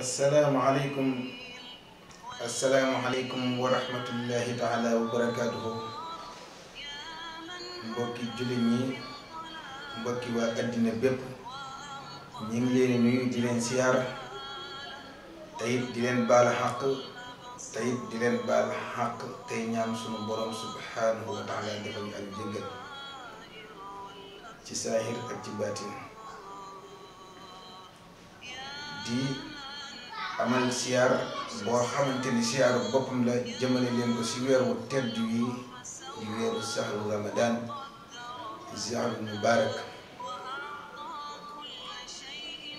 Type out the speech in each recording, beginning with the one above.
asalaamualeykum asalaamualeykum wa rahmatullahi taala wa barakaatuhu mbokki jullit ñi mbokki waa addina bépp ñu ngi leen nuyu di leen siyaar teyit di leen baal xaq teyit di leen baal xaq tey ñaan sunu borom subhaanahu wa taala defal ñu ak jéggal ci saahir ak ci baatin di amal siyaar boo xamante ni siyaaru boppam la jëmale leen ko si weeru tedd yi di weeru sahru ramadan sahru mubarak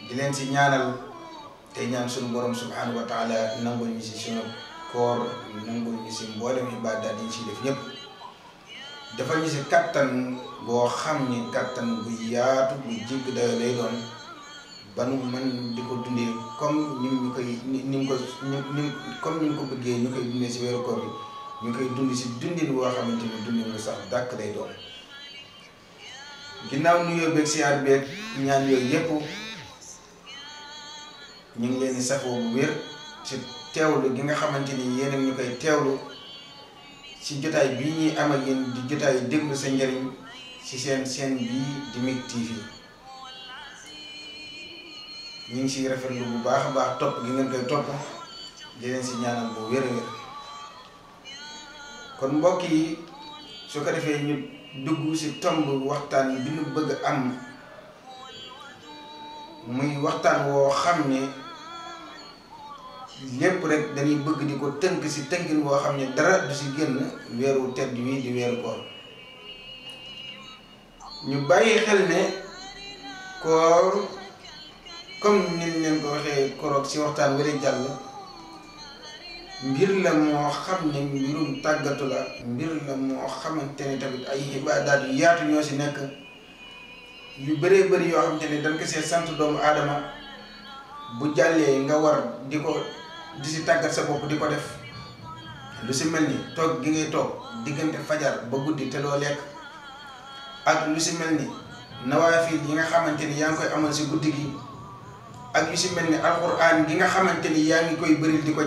di leen si ñaanal te ñaan suñu borom subhanahu wa taala nangul si suñu koor nangul ñu si mboolem ibaadaat yi ñu si def ñëpp dafa ñu si kattan boo xam ni kattan bu yaatu bu jégg dayo ba nu mën di ko dundee comme ni ñu koy ni ñu ko ni comme ni ñu ko bëggee ñu koy dundee si weeru koor bi ñu koy dund si dundin woo xamante ni dundin lu sax dàkk lay doon ginnaaw nuyoo beeg ngi leen di safoo bu wér ci teewlu gi nga xamante ni yéen ñu koy teewlu ci jotaay bii ñuy am ak di jotaay déglu sa njëriñ si seen seen bii di MIG ñu ngi siy rafetlu bu baax a baax topp gi ngeen koy topp di leen si ñaanal bu wér wér kon mbokk yi su ko defee ñu dugg si tomb waxtaan bi ñu bëgg am muy waxtaan woo xam ne lépp rek dañuy bëgg di ko tënk si tënkin woo xam ne dara du si génn weeru tedd wii di weeru koor ñu bàyyi xel ne koor comme nin leen ko waxee koroog ci waxtaan wala jàll mbir la moo xam ne mbirum tàggatu la mbir la moo xamante ne tamit ay ibaadaat yu yaatu ñoo ci nekk yu bëree bëri yoo xamante ne dañ ko see sant doomu aadama bu jàllee nga war di ko di ci tàggat sa bopp di ko def lu si mel ni toog gi ngay toog diggante fajar ba guddi te loo lekk ak lu si mel ni nawaafil yi nga xamante ni yaa ngi koy amal si guddi gi ak yu ci melni ni alquran gi nga xamanteni ni ngi koy beuril di ko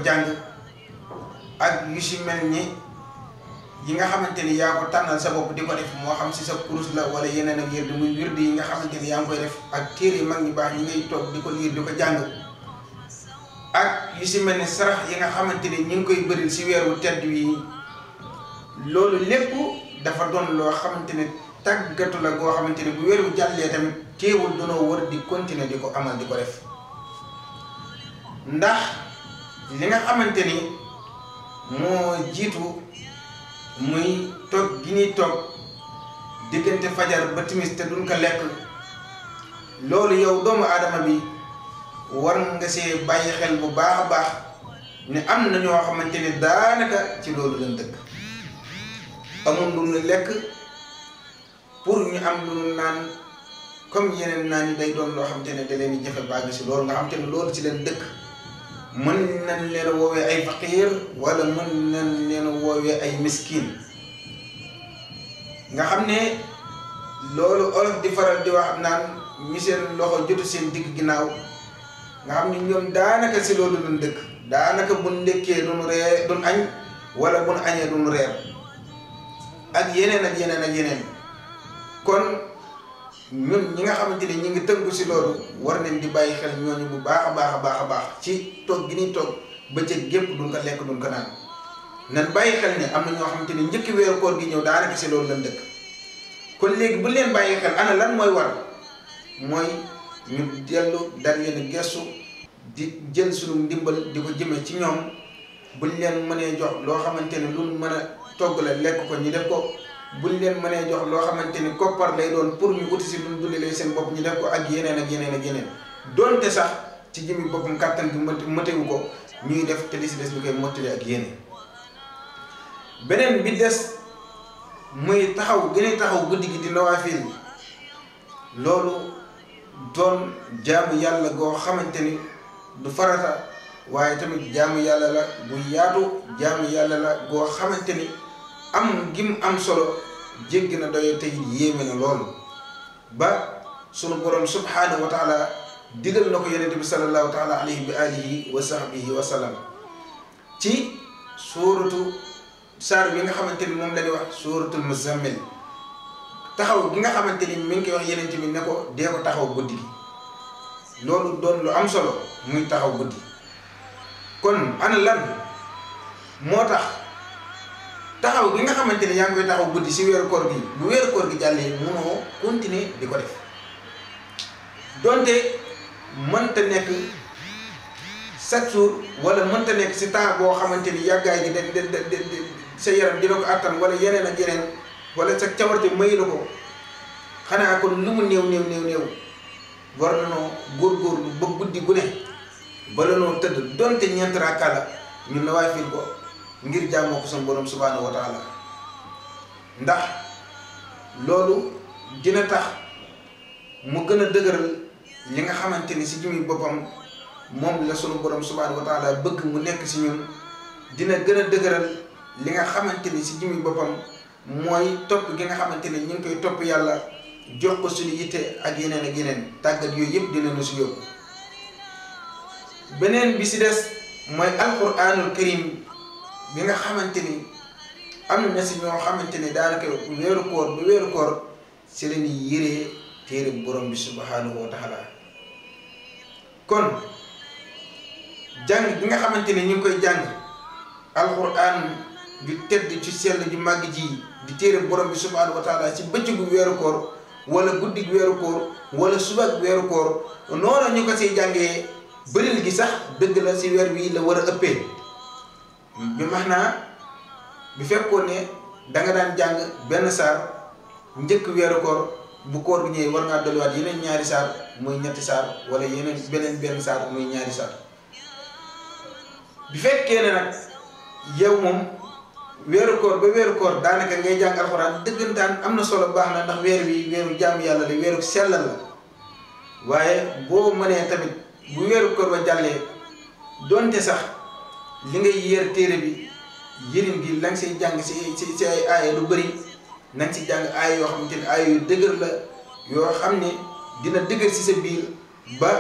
ak yu ci melni ni yi nga xamanteni ya ko tanal sa bop di def mo xam ci sa kurus la wala yenen ak yedd muy wirdi yi nga xamanteni ni ngi koy def ak téré mag ni bax ñi ngay tok di ko diko jang ko ak yu ci melni ni sarax yi nga xamanteni ñing koy beuril ci wéru tedd wi lolu lepp dafa don lo xamanteni ne la go xamanteni bu weeru jàllee tamit do no wër di continuer diko ko amal di def ndax li nga xamante ni moo jiitu muy toog gi ñuy toog diggante fajar ba timis te duñ ko lekk loolu yow doomu aadama bi war nga see bàyyi xel bu baax a baax ne am na ñoo xamante ni daanaka ci loolu lañ dëkk amul lu ñu lekk pour ñu am lu ñu naan comme yeneen naa yi day doon loo xamante ne da leen di jafe baa gis loolu nga xamante ne loolu ci leen dëkk mën nañ leen woowee ay faqiir walla mën nañ leen woowee ay miskin nga xam ne loolu olof di faral di wax naan ñi seen loxo jotu seen digg ginnaaw nga xam ne ñoom daanaka si loolu duñ dëkk daanaka buñ ndékkee duñ ree duñ añ wala buñ añee duñ reer ak yeneen ak yeneen ak yeneen kon ñun ñi nga xamante ni ñu ngi tënku si loolu war nañ di bàyyi xel ñooñu bu baax baax a baax a baax ci toog gi ñuy toog bëccëg gépp duñ ko lekk duñ ko naan nan bàyyi am na ñoo xamante ni njëkki koor gi ñëw daanaka si loolu lañ dëkk kon léegi bu leen bàyyi xel ana lan mooy war mooy ñu dellu dar leen gestu di jën sunu ndimbal di ko jëmee ci ñoom buñ leen mënee jox loo xamante ne lu mën a togg la lekk ko ñu def ko bu buñ leen mënee jox loo xamante ni koppar lay doon pour ñu uti si luñ dundalee seen bopp ñu def ko ak yeneen ak yeneen ak yeneen donte sax ci jëmmi boppam kàttan gi mëtewu ko ñuy def te li si des ñu koy mottali ak yeneen beneen bi des muy taxaw gën a taxaw guddi gi di nawaafil yi loolu doon jaamu yàlla goo xamante ni du farata waaye tamit jaamu yàlla la bu yaatu jaamu yàlla la goo xamante ni am gi am solo jéggi na doy te yéeme na loolu ba sunu borom subhaanahu wa taala digal na ko yonente bi sallallahu taala alayhi wa alihi wa sahbihi wa sallam ci suuratu saar bi nga xamante ni moom la ñuy wax suuratul muzammil taxaw gi nga xamante ni mi ngi koy wax yonente bi ne ko dee ko taxaw guddi gi loolu doon lu am solo muy taxaw guddi kon ana lan moo tax taxaw gi nga xamante ne yaa ngi koy taxaw guddi si weeru koor gi bu weeru koor gi jàllee mënoo continuer di ko def donte mënta nekk chaque jour wala mënta nekk si temps boo xamante ni yàggaay gi de da da sa yaram dina ko attan wala yeneen ak yeneen wala sa cawarte may la ko xanaa kon lu mu néew néew néew néew war nanoo góorgóorlu ba guddi gu ne bala noo tëdd donte ñeent rakaa la ñun na waay fiil ngir jàmmoo ko sama borom subhaanahu wa ndax loolu dina tax mu gën a dëgëral li nga xamante ni si jëmmi boppam moom la sunu borom subhaanahu wa taala bëgg mu nekk si ñun dina gën a dëgëral li nga xamante ni si jëmmi boppam mooy topp gi nga xamante ni ñu ngi koy topp yàlla jox ko suñu yitte ak yeneen ak yeneen tàggat yooyu yëpp dina nu si yóbbu beneen bi si des mooy alquranul karim bi nga xamante ni am na si ñoo xamante ni daanaka weeru koor bu weeru koor si leen yëree téere borom bi subhanahu kon jàng bi nga xamante ni ñu koy jàng alquran ci sell ju màgg ji di téere borom bi subhanahu wa weeru koor wala guddig weeru koor wala subak weeru koor noonu ñu ko siy jàngee bëril gi sax dëgg la si weer wi la war a ëppee bi max naa bi fekkoon ne danga daan jàng benn saar njëkk weeru koor bu koor bi ñëwee war ngaa dolliwaat yeneen ñaari saar mooy ñetti saar wala yeneen beneen benn saar muy ñaari saar bi fekkee ne nag yow moom weeru koor ba weeru koor daanaka ngay jàng alxuraan dëggantaan am na solo baax na ndax weer wi weeru jàmm yàlla la weeru sellal la waaye boo mënee tamit bu weeru koor ba jàllee donte sax li ngay yër téere bi yërim gi la nga jàng si si si ay aaya lu bëri na jàng aaya yoo xamante ne aaya yu dëgër yoo xam ne dina dëgër ci sa biir ba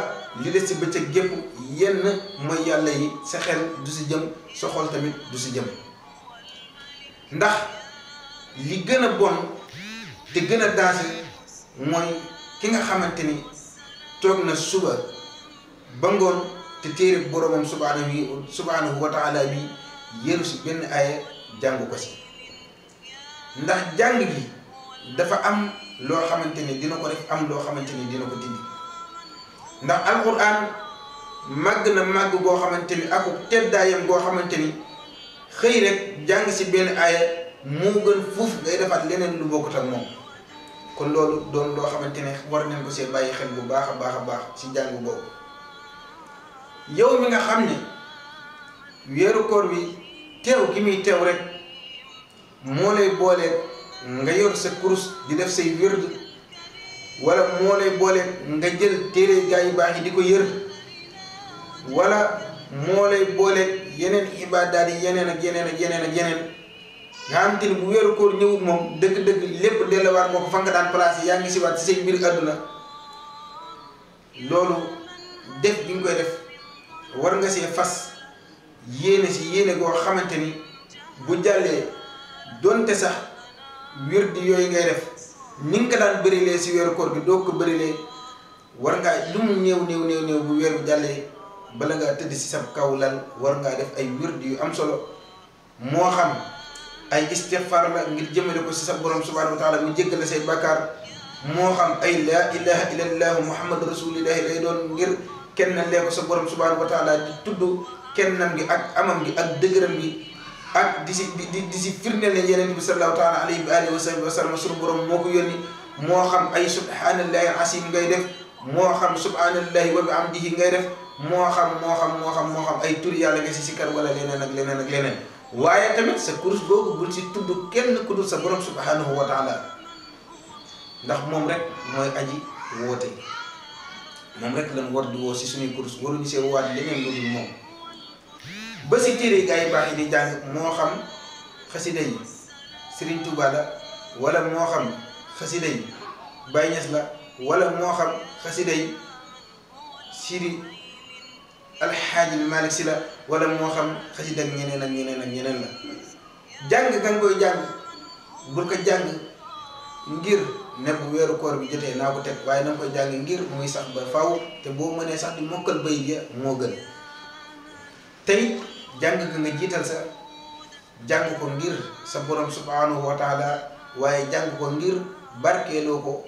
li des si bëccëg gépp yenn mooy yàlla yi sa xel du si jëm sa xol tamit du si jëm ndax li gën a bon te gën a danger mooy ki nga xamante ni toog na suba ba ngoon te téere bu boromam subhanahu subhanahu wa taala bi yëru ci ben ay jang ko ci ndax jang gi dafa am loh xamanteni dina ko def am loh xamanteni dina ko dindi ndax alquran mag na mag go xamanteni ak teddayam go xamanteni xey rek jang si ben ay mo gën fuf ngay defat leneen lu bokut ak mom kon lolu doon lo xamanteni war nañ ko seen bayyi xel bu baaxa baaxa baax ci si yow mi nga xam ne weeru koor bi teew gi muy teew rek moo lay boole nga yor sa kurus di def say wird wala moo nga jël téere gaa yu baax di ko yër wala moo lay boole yeneen ibaadaat yi yeneen ak yeneen ak yeneen ak yeneen nga xam te ni bu weeru koor ñëwut moom dëgg-dëgg lépp delluwaat moo ko fa nga daan placé yaa ngi siwaat si say mbir àdduna loolu def bi nga koy def war nga see fas yéene si yéene goo xamante ni bu jàllee donte sax wird yooyu ngay def ni nga ko daan bërilee si weeru koor bi doo ko bërilee war ngaa lu mu néew néew néew néew bu weer jàllee bala ngaa tëdd si sab kaw lal war ngaa def ay wird yu am solo moo xam ay istighfar la ngir jëmale ko si sa borom subhanahu wa taala mu jéggal la say bakkaar moo xam ay laa ilaha illallah muhammad rasulillahi lay doon ngir kenn lee sa borom subhanahu wa taala di tudd kennam gi ak amam gi ak dëgëram gi ak di di di si firndeel ne yeneen bi sallallahu taala alayhi wa alihi wa sahbihi wa sallam suñu borom moo ko yónni moo xam ay subhanallahi asim ngay def moo xam subhanallahi wa bihamdihi ngay def moo xam moo xam moo xam moo xam ay tur yàlla nga si sikkar wala leneen leneen ak leneen waaye tamit sa kurus googu si tudd kenn ku sa borom subhanahu wa taala ndax moom rek mooy aji woote moom rek lañ war di woo si suñuy course waruñu see waat leneen lu dul moom ba si téere gaa yi baax yi di jàng moo xam xasida yi Serigne Touba moo xam xasida yi Baye Niass la wala moo xam xasida yi Siri Alxaaji Malick Si la wala moo xam xasida ak ñeneen ak ñeneen ak ñeneen la jàng gan koy jàng bul ko jàng ngir. ne bu weeru koor bi jotee naa ko teg waaye na nga koy jàng ngir muy sax ba faw te boo mënee sax di mokkal bay bi moo gën tey jàng nga nga jiital sa ko ngir sa boroom subhanahu wa waaye jàng ko ngir barkeeloo ko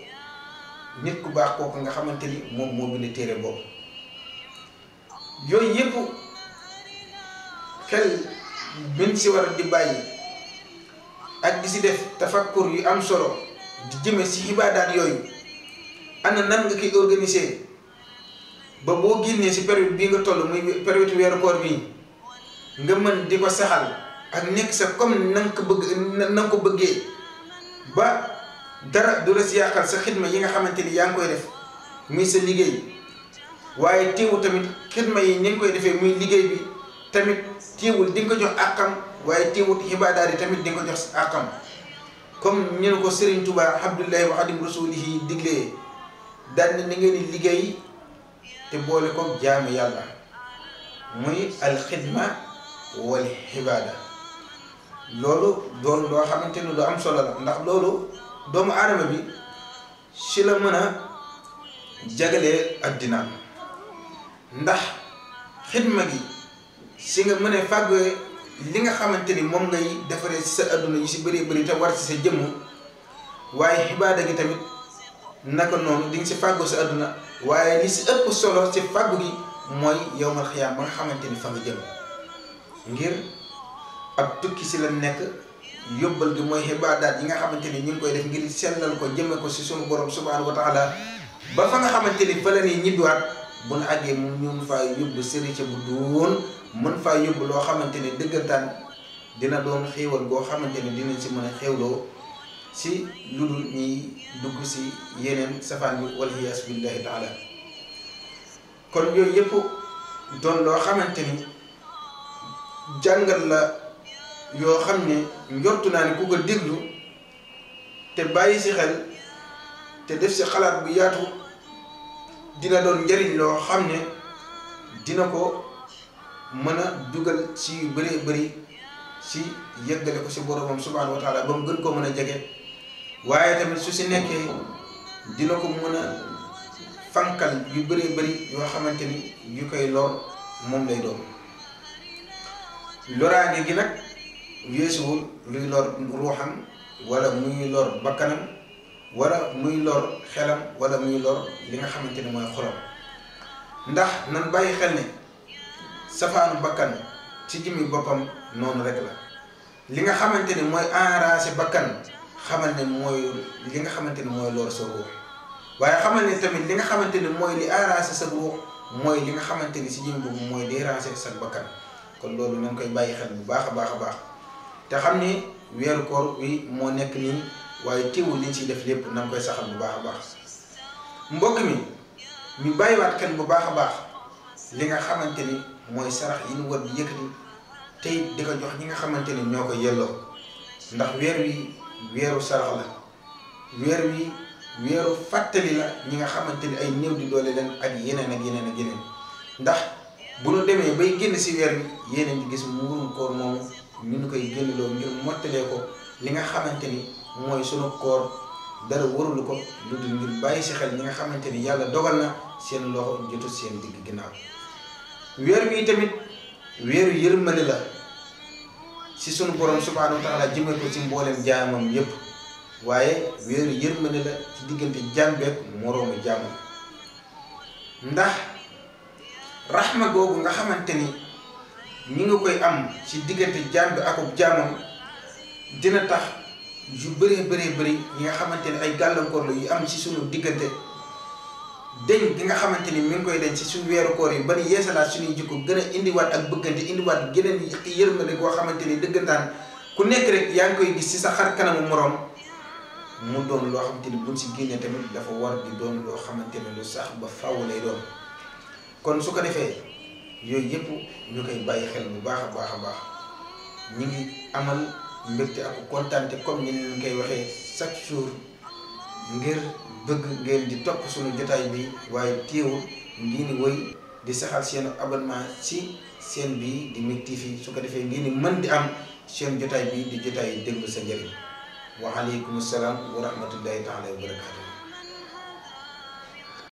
nit ku baax kooku nga xamante ni moom moo bind téere boobu yooyu yëpp xel biñ si war a di bàyyi ak di si def tafakkur yu am solo di jëme si ibaadaat yooyu ana nan nga koy organiser ba boo génnee si période bii nga toll muy période weeru koor bii nga mën di ko saxal ak nekk sa comme na nga ko bëgg na nga ko bëggee ba dara du la si sa xidma yi nga xamante ni yaa ngi koy def muy sa liggéey waaye teewul tamit xidma yi ni nga koy defee muy liggéey bi tamit teewul di nga jox àqam waaye teewul ibaadaat yi tamit di nga ko jox àqam comme ñu ne ko Serigne Touba Abdullahi wa Xadim Rasulihi diglee daan ni ngeen liggéey te boole ko jaamu yàlla muy alxidma wal xibaada loolu doon loo xamante ni lu am solo la ndax loolu doomu aadama bi si la mën a jagalee addinaam ndax xidma gi si nga mën a li nga xamanteni mom ngay defare si sa aduna yi ci beure beure ta war ci sa jëm waye ibada gi tamit naka non di nga si fàggu sa aduna waye li si ëpp solo si fago gi moy yowmal khiyam ba nga xamanteni fa nga jëm ngir ab tukki ci la nek yobbal gi moy ibada yi nga xamanteni ñing koy def ngir selal ko jëm ko ci sunu borom subhanahu wa taala ba fa nga xamanteni fa la ni ñibbiwaat bu na agge mu ñun yobbu yóbbu ci bu doon mën faa yóbbu loo xamante ni dëggantaan dina doon xéewal boo xamante ne dinañ ci mën a xéewloo si lu dul ñuy dugg si yeneen safaan bi walhiyaas billahi taala kon yooyu yëpp doon loo xamante ni jàngat la yoo xam ne njortu naa ni ku déglu te bàyyi si xel te def si xalaat bu yaatu dina doon njëriñ loo xam ne dina ko mën a dugal si yu bëree bëri si yëggale ko si boromam subhaanahu wa ba mu gën koo mën a jege waaye tamit su si nekkee dina ko mën a fankal yu bëree bëri yoo xamante ni yu koy lor moom lay doom doon loraange gi nag weesuwul luy lor ruuxam wala muy lor bakkanam wala muy lor xelam wala muy lor li nga xamante ne mooy xolam ndax nan bàyyi xel ne safaanu bakkan ci jëmmi boppam noonu rek la li nga xamante ni mooy enragé bakkan xamal ne mooy li nga xamante ni mooy lor sa waaye xamal ne tamit li nga xamante ni mooy li enragé sa ruux mooy li nga xamante ni si jëmmi boobu mooy dérangé sa bakkan kon loolu nañ koy bàyyi xel bu baax a baax a baax te xam ni weeru koor wi moo nekk nii waaye teewul liñ ciy def lépp nañ koy saxal bu baax a baax mbokk mi ñu bàyyiwaat kenn bu baax a baax li nga xamante ni. mooy sarax yi ñu war di yëkkati tey di ko jox ñi nga xamante ni ñoo ko yelloo ndax weer wi weeru sarax la weer wi weeru fàttali la ñi nga xamante ni ay néew di doole leen ak yeneen ak yeneen ak yeneen ndax bu ñu demee bay génn si weer wi yeneen di gis muurum koor moomu ñu ngi koy génnloo ngir mottalee ko li nga xamante ni mooy sunu koor dara warulu ko lu dul ngir bàyyi si xel ñi nga xamante ni yàlla dogal na seen loxo jotul seen digg ginnaaw weer wi tamit weeru yërmande la si sunu borom subhaanahu wa taala jëmee ko si mboolem jaamam yépp waaye weeru yërmande la ci diggante jaam beeg moroomu ndax raxma googu nga xamante ni ñi nga koy am ci diggante jaam bi akub jaamam dina tax yu bëree bëree bëri yi nga xamante ni ay gàllankoor la yu am ci sunu diggante deñ gi nga xamante ni mi ngi koy deñ ci suñu weeru koor yi ba ni yeesalaat suñuy jikko gën a indiwaat ak bëggante indiwaat geneen yërmande koo xamante ni dëggantaan ku nekk rek yaa ngi koy gis ci sa xar kanamu moroom mu doon loo xamante ni buñ si génnee tamit dafa war di doon loo xamante ne lu sax ba faw lay doon kon su ko defee yooyu yëpp ñu koy bàyyi xel bu baax a baax a baax ñu ngi amal mbégte ak kontaante comme ni ñu koy waxee chaque jour. ngir bëgg ngeen di topp suñu jotaay bi waaye teewul ngeen woy di saxal seen abonnement ci seen bii di Mik TV su ko defee ngeen mën di am seen jotaay bi di jotaay dégg sa njëriñ wa aleykum salaam wa rahmatullahi taala wa barakaatu.